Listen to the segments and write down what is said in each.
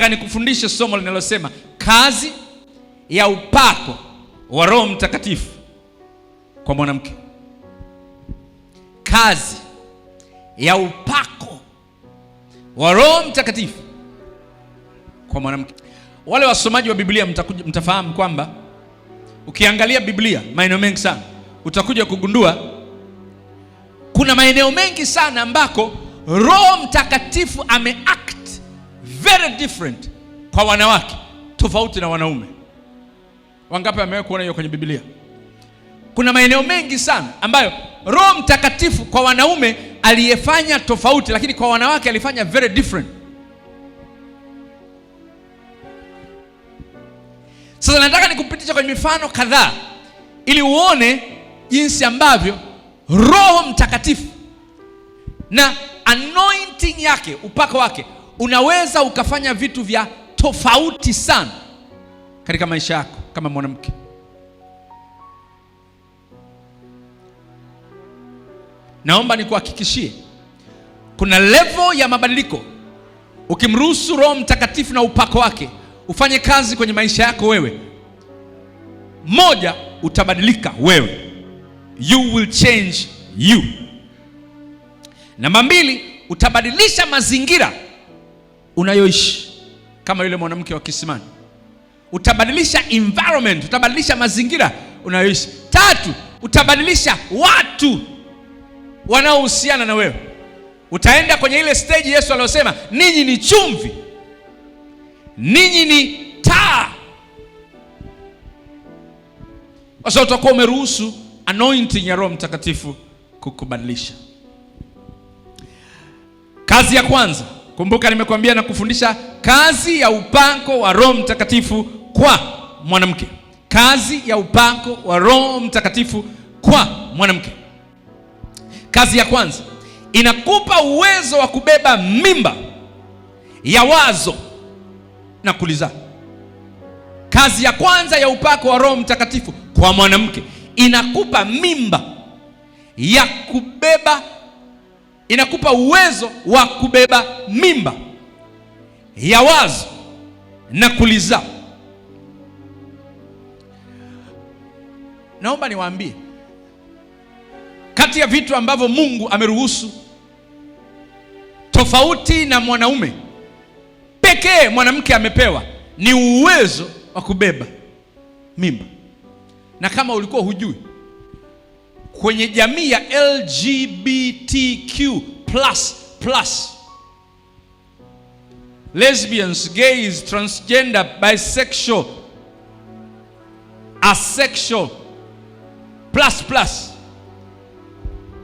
nataka nikufundishe somo linalosema kazi ya upako wa Roho Mtakatifu kwa mwanamke, kazi ya upako wa Roho Mtakatifu kwa mwanamke. Wale wasomaji wa Biblia mtafahamu kwamba ukiangalia Biblia maeneo mengi sana utakuja kugundua kuna maeneo mengi sana ambako Roho Mtakatifu ame very different kwa wanawake tofauti na wanaume. Wangapi wamewe kuona hiyo kwenye Biblia? Kuna maeneo mengi sana ambayo Roho Mtakatifu kwa wanaume aliyefanya tofauti, lakini kwa wanawake alifanya very different. Sasa nataka nikupitisha kwenye mifano kadhaa ili uone jinsi ambavyo Roho Mtakatifu na anointing yake, upako wake unaweza ukafanya vitu vya tofauti sana katika maisha yako kama mwanamke. Naomba nikuhakikishie kuna levo ya mabadiliko ukimruhusu Roho Mtakatifu na upako wake ufanye kazi kwenye maisha yako wewe. Moja, utabadilika wewe, you will change you. Namba mbili, utabadilisha mazingira unayoishi, kama yule mwanamke wa Kisimani. Utabadilisha environment, utabadilisha mazingira unayoishi. Tatu, utabadilisha watu wanaohusiana na wewe. Utaenda kwenye ile stage Yesu aliyosema, ninyi ni chumvi, ninyi ni taa. Sasa utakuwa umeruhusu anointing ya Roho Mtakatifu kukubadilisha. Kazi ya kwanza Kumbuka nimekuambia na kufundisha kazi ya upako wa Roho Mtakatifu kwa mwanamke, kazi ya upako wa Roho Mtakatifu kwa mwanamke. Kazi ya kwanza inakupa uwezo wa kubeba mimba ya wazo na kulizaa. Kazi ya kwanza ya upako wa Roho Mtakatifu kwa mwanamke inakupa mimba ya kubeba inakupa uwezo wa kubeba mimba ya wazo na kulizaa. Naomba niwaambie, kati ya vitu ambavyo Mungu ameruhusu tofauti na mwanaume pekee, mwanamke amepewa ni uwezo wa kubeba mimba, na kama ulikuwa hujui kwenye jamii ya LGBTQ plus plus, lesbians, gays, transgender, bisexual, asexual plus plus.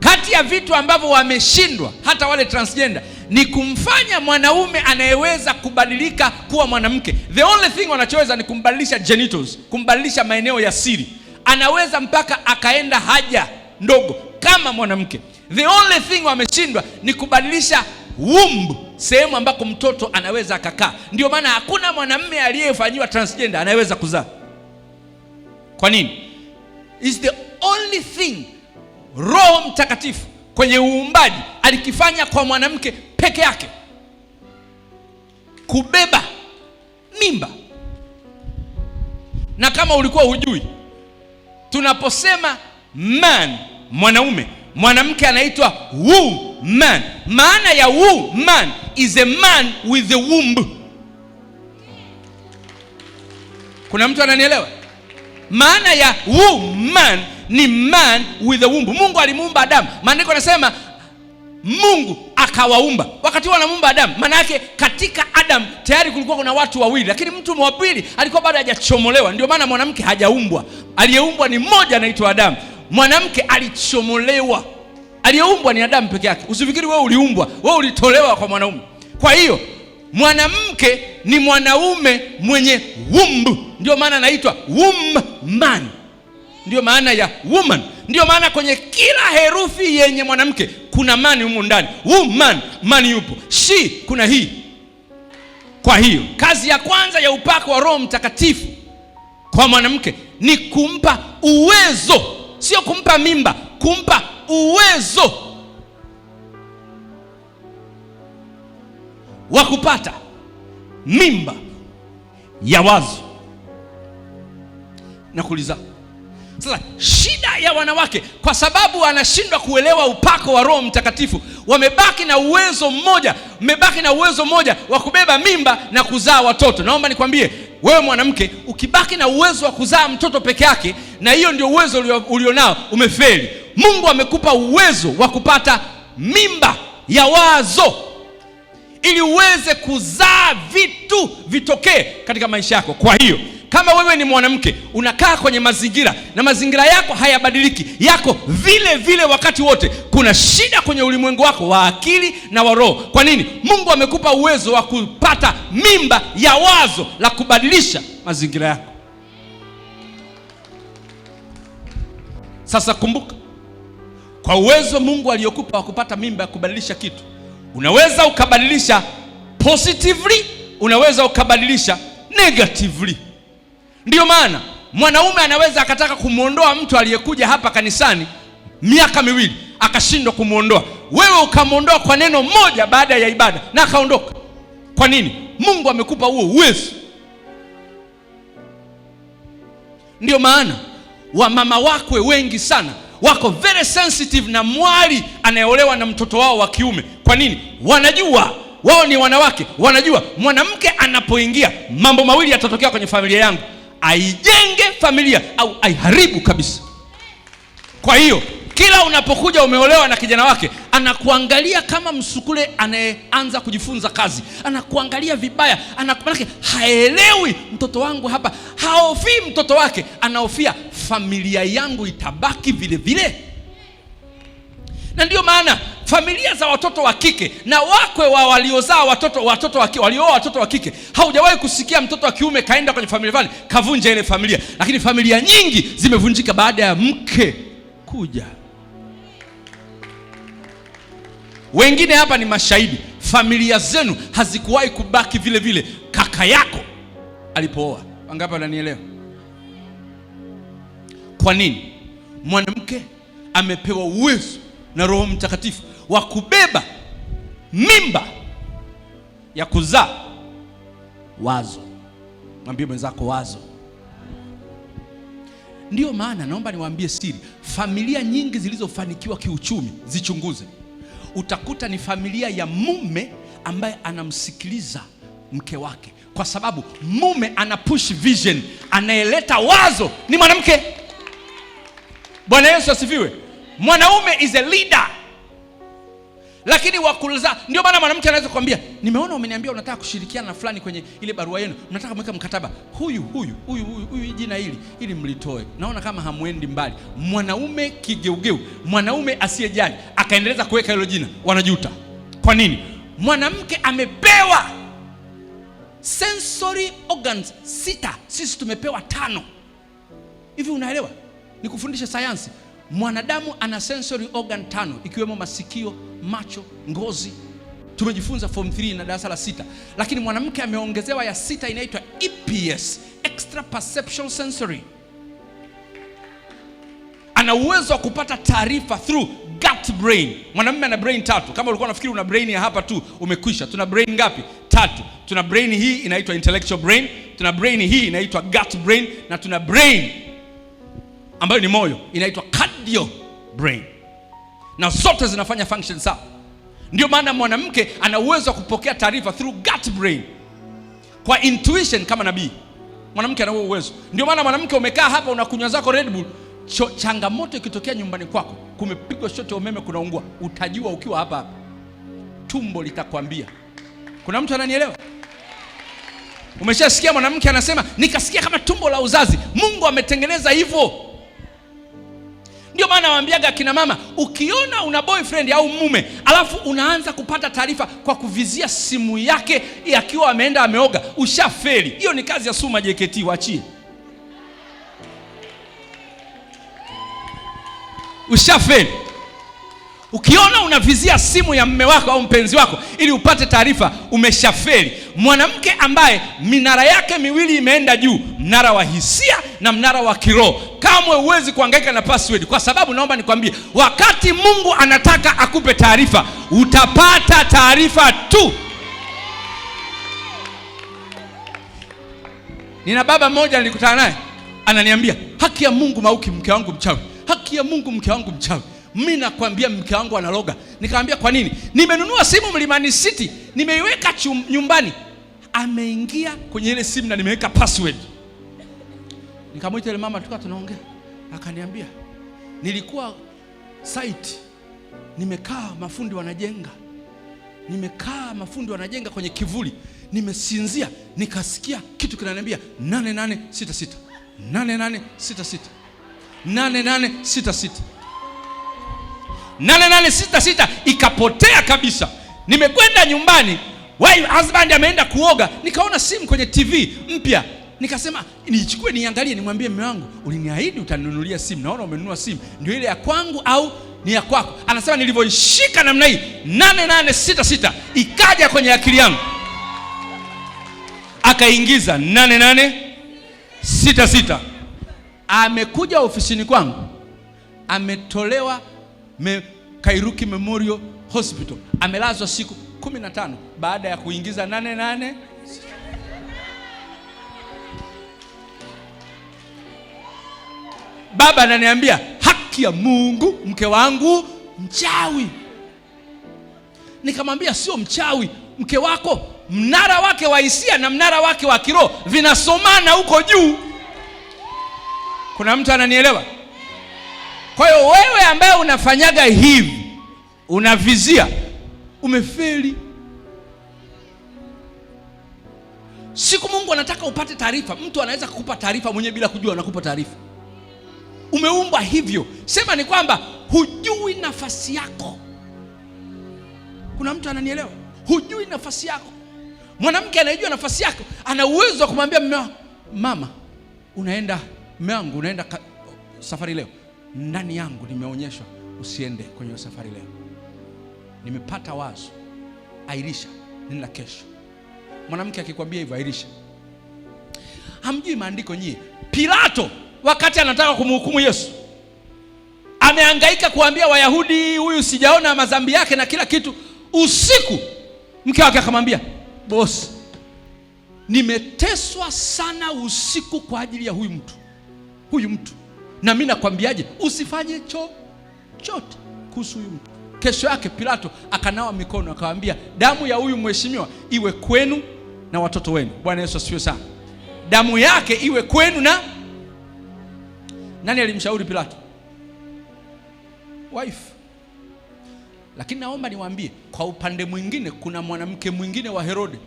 Kati ya vitu ambavyo wameshindwa hata wale transgender ni kumfanya mwanaume anayeweza kubadilika kuwa mwanamke. The only thing wanachoweza ni kumbadilisha genitals, kumbadilisha maeneo ya siri. Anaweza mpaka akaenda haja ndogo kama mwanamke. The only thing wameshindwa ni kubadilisha womb, sehemu ambako mtoto anaweza akakaa. Ndio maana hakuna mwanamume aliyefanyiwa transgender anayeweza kuzaa. Kwa nini? Is the only thing Roho Mtakatifu kwenye uumbaji alikifanya kwa mwanamke peke yake, kubeba mimba. Na kama ulikuwa hujui, tunaposema man mwanaume, mwanamke anaitwa woman. Maana ya woman is a man with a womb. Kuna mtu ananielewa? Maana ya woman ni man with a womb. Mungu alimuumba Adamu, maandiko anasema Mungu akawaumba. Wakati anamumba Adamu, maana yake katika Adamu tayari kulikuwa kuna watu wawili, lakini mtu wa pili alikuwa bado hajachomolewa. Ndio maana mwanamke hajaumbwa, aliyeumbwa ni mmoja, anaitwa Adamu mwanamke alichomolewa, aliyeumbwa ni Adamu peke yake. Usifikiri wewe uliumbwa, wewe ulitolewa kwa mwanaume. Kwa hiyo mwanamke ni mwanaume mwenye womb, ndio maana anaitwa woman, ndio maana ya woman. Ndio maana kwenye kila herufi yenye mwanamke kuna mani humo ndani. Woman, mani yupo, shi kuna hii. Kwa hiyo kazi ya kwanza ya upako wa Roho Mtakatifu kwa mwanamke ni kumpa uwezo sio kumpa mimba, kumpa uwezo wa kupata mimba ya wazo. Nakuuliza, sasa shida ya wanawake, kwa sababu anashindwa kuelewa upako wa Roho Mtakatifu, wamebaki na uwezo mmoja, mmebaki na uwezo mmoja wa kubeba mimba na kuzaa watoto. Naomba nikwambie wewe mwanamke, ukibaki na uwezo wa kuzaa mtoto peke yake, na hiyo ndio uwezo ulionao, umefeli. Mungu amekupa uwezo wa kupata mimba ya wazo ili uweze kuzaa vitu vitokee katika maisha yako. Kwa hiyo kama wewe ni mwanamke unakaa kwenye mazingira na mazingira yako hayabadiliki, yako vile vile wakati wote, kuna shida kwenye ulimwengu wako wa akili na wa roho. Kwa nini? Mungu amekupa uwezo wa kupata mimba ya wazo la kubadilisha mazingira yako. Sasa kumbuka, kwa uwezo Mungu aliyokupa wa kupata mimba ya kubadilisha kitu, unaweza ukabadilisha positively, unaweza ukabadilisha negatively. Ndiyo maana mwanaume anaweza akataka kumwondoa mtu aliyekuja hapa kanisani miaka miwili akashindwa kumwondoa, wewe ukamwondoa kwa neno moja baada ya ibada na akaondoka. Kwa nini? Mungu amekupa huo uwezo. Ndiyo maana wamama wakwe wengi sana wako very sensitive na mwali anayeolewa na mtoto wao wa kiume. Kwa nini? Wanajua wao ni wanawake, wanajua mwanamke anapoingia mambo mawili yatatokea kwenye familia yangu aijenge familia au aiharibu kabisa. Kwa hiyo kila unapokuja umeolewa na kijana wake, anakuangalia kama msukule anayeanza kujifunza kazi, anakuangalia vibaya, anakumanake haelewi mtoto wangu hapa. Haofii mtoto wake, anahofia familia yangu itabaki vile vile, na ndiyo maana familia za watoto wa kike na wakwe wa waliozaa watoto watoto wa walioa watoto wa kike. Haujawahi kusikia mtoto wa kiume kaenda kwenye familia fulani kavunja ile familia, lakini familia nyingi zimevunjika baada ya mke kuja. Wengine hapa ni mashahidi, familia zenu hazikuwahi kubaki vile vile kaka yako alipooa. Wangapi wananielewa? Kwa nini mwanamke amepewa uwezo na Roho Mtakatifu wa kubeba mimba ya kuzaa wazo. Mwambie mwenzako wazo. Ndiyo maana naomba niwaambie siri, familia nyingi zilizofanikiwa kiuchumi zichunguze, utakuta ni familia ya mume ambaye anamsikiliza mke wake, kwa sababu mume ana push vision, anayeleta wazo ni mwanamke. Bwana Yesu asifiwe. Mwanaume is a leader lakini wakulza. Ndio maana mwanamke anaweza kukwambia, nimeona umeniambia unataka kushirikiana na fulani kwenye ile barua yenu, unataka mweka mkataba huyu huyu huyu huyu huyu, jina hili ili mlitoe. Naona kama hamwendi mbali. Mwanaume kigeugeu, mwanaume asiyejali akaendeleza kuweka hilo jina, wanajuta. Kwa nini? Mwanamke amepewa sensory organs sita, sisi tumepewa tano. Hivi unaelewa? Nikufundishe sayansi. Mwanadamu ana sensory organ tano, ikiwemo masikio macho, ngozi. Tumejifunza form 3 na darasa la sita, lakini mwanamke ameongezewa ya sita inaitwa EPS, extra perceptual sensory. Ana uwezo wa kupata taarifa through gut brain. Mwanamume ana brain tatu. Kama ulikuwa unafikiri una brain ya hapa tu, umekwisha. Tuna brain ngapi? Tatu. Tuna brain hii inaitwa intellectual brain, tuna brain hii inaitwa gut brain, na tuna brain ambayo ni moyo inaitwa cardio brain na zote zinafanya function sawa. Ndio maana mwanamke ana uwezo wa kupokea taarifa through gut brain, kwa intuition kama nabii. Mwanamke ana uwezo. Ndio maana mwanamke, umekaa hapa unakunywa zako Red Bull, changamoto ikitokea nyumbani kwako, kumepigwa shoti ya umeme, kunaungua, utajua ukiwa hapa hapa, tumbo litakwambia. Kuna mtu ananielewa? Umeshasikia mwanamke anasema nikasikia kama tumbo la uzazi. Mungu ametengeneza hivyo ndio maana nawaambiaga akina mama, ukiona una boyfriend au mume alafu unaanza kupata taarifa kwa kuvizia simu yake akiwa ameenda ameoga, ushafeli. Hiyo ni kazi ya Suma JKT, waachie. Ushafeli. Ukiona unavizia simu ya mme wako au mpenzi wako ili upate taarifa, umeshafeli. Mwanamke ambaye minara yake miwili imeenda juu, mnara wa hisia na mnara wa kiroho kamwe huwezi kuhangaika na password, kwa sababu naomba nikwambie, wakati Mungu anataka akupe taarifa, utapata taarifa tu. Nina baba mmoja nilikutana naye ananiambia, haki ya Mungu Mauki, mke wangu mchawi, haki ya Mungu mke wangu mchawi mimi nakwambia mke wangu analoga. Nikamwambia kwa nini? Nimenunua simu Mlimani City, nimeiweka nyumbani, ameingia kwenye ile simu na nimeweka password. Nikamwita ile mama, tukawa tunaongea, akaniambia nilikuwa site, nimekaa mafundi wanajenga, nimekaa mafundi wanajenga kwenye kivuli, nimesinzia, nikasikia kitu kinaniambia nane nane sita sita nane nane sita sita nane nane sita sita nane nane sita sita ikapotea kabisa. Nimekwenda nyumbani, wife husband ameenda kuoga, nikaona simu kwenye TV mpya Nikasema niichukue niangalie, nimwambie mume wangu, uliniahidi utaninunulia simu, naona umenunua simu, ndio ile ya kwangu au ni ya kwako? Anasema nilivyoishika namna hii, nane nane sita sita ikaja kwenye akili yangu, akaingiza nane nane sita sita. Amekuja ofisini kwangu, ametolewa me, Kairuki Memorial Hospital, amelazwa siku kumi na tano baada ya kuingiza nane nane baba ananiambia haki ya Mungu, mke wangu mchawi. Nikamwambia sio mchawi, mke wako mnara wake wa hisia na mnara wake wa kiroho vinasomana huko juu. Kuna mtu ananielewa? Kwa hiyo wewe ambaye unafanyaga hivi, unavizia, umefeli. Siku Mungu anataka upate taarifa. Mtu anaweza kukupa taarifa mwenyewe bila kujua anakupa taarifa umeumbwa hivyo. Sema ni kwamba hujui nafasi yako. Kuna mtu ananielewa? Hujui nafasi yako. Mwanamke anayejua nafasi yako ana uwezo wa kumwambia mme mama, unaenda mme wangu, unaenda ka... safari leo. Ndani yangu nimeonyeshwa usiende kwenye safari leo, nimepata wazo, airisha, nenda kesho. Mwanamke akikwambia hivyo, airisha. Hamjui maandiko nyie. Pilato wakati anataka kumhukumu Yesu. Amehangaika kuambia Wayahudi huyu sijaona madhambi yake na kila kitu. Usiku mke wake akamwambia, bosi, nimeteswa sana usiku kwa ajili ya huyu mtu, huyu mtu, na mimi nakwambiaje, usifanye chochote kuhusu huyu mtu. Kesho yake Pilato akanawa mikono akamwambia, damu ya huyu mheshimiwa iwe kwenu na watoto wenu. Bwana Yesu asifiwe sana. Damu yake iwe kwenu na nani alimshauri Pilato? Wife. Lakini naomba niwaambie, kwa upande mwingine kuna mwanamke mwingine wa Herode.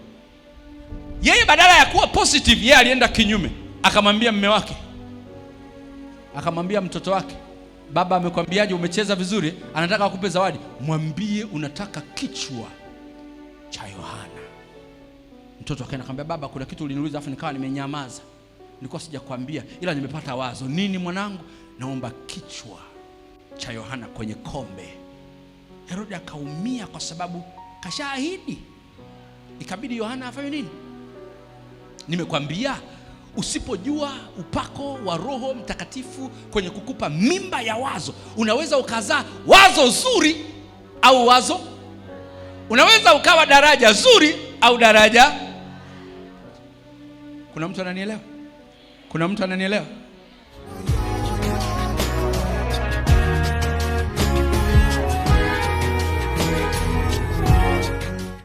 Yeye badala ya kuwa positive, yeye alienda kinyume, akamwambia mme wake, akamwambia mtoto wake, baba amekwambiaje? Umecheza vizuri, anataka akupe zawadi. Mwambie unataka kichwa cha Yohana. Mtoto akaenda akamwambia, baba, kuna kitu uliniuliza afu nikawa nimenyamaza nilikuwa sijakwambia, ila nimepata wazo. Nini mwanangu? Naomba kichwa cha Yohana kwenye kombe. Herode akaumia kwa sababu kashaahidi. Ikabidi Yohana afanye nini? Nimekwambia, usipojua upako wa Roho Mtakatifu kwenye kukupa mimba ya wazo, unaweza ukazaa wazo zuri au wazo, unaweza ukawa daraja zuri au daraja. Kuna mtu ananielewa? Kuna mtu ananielewa?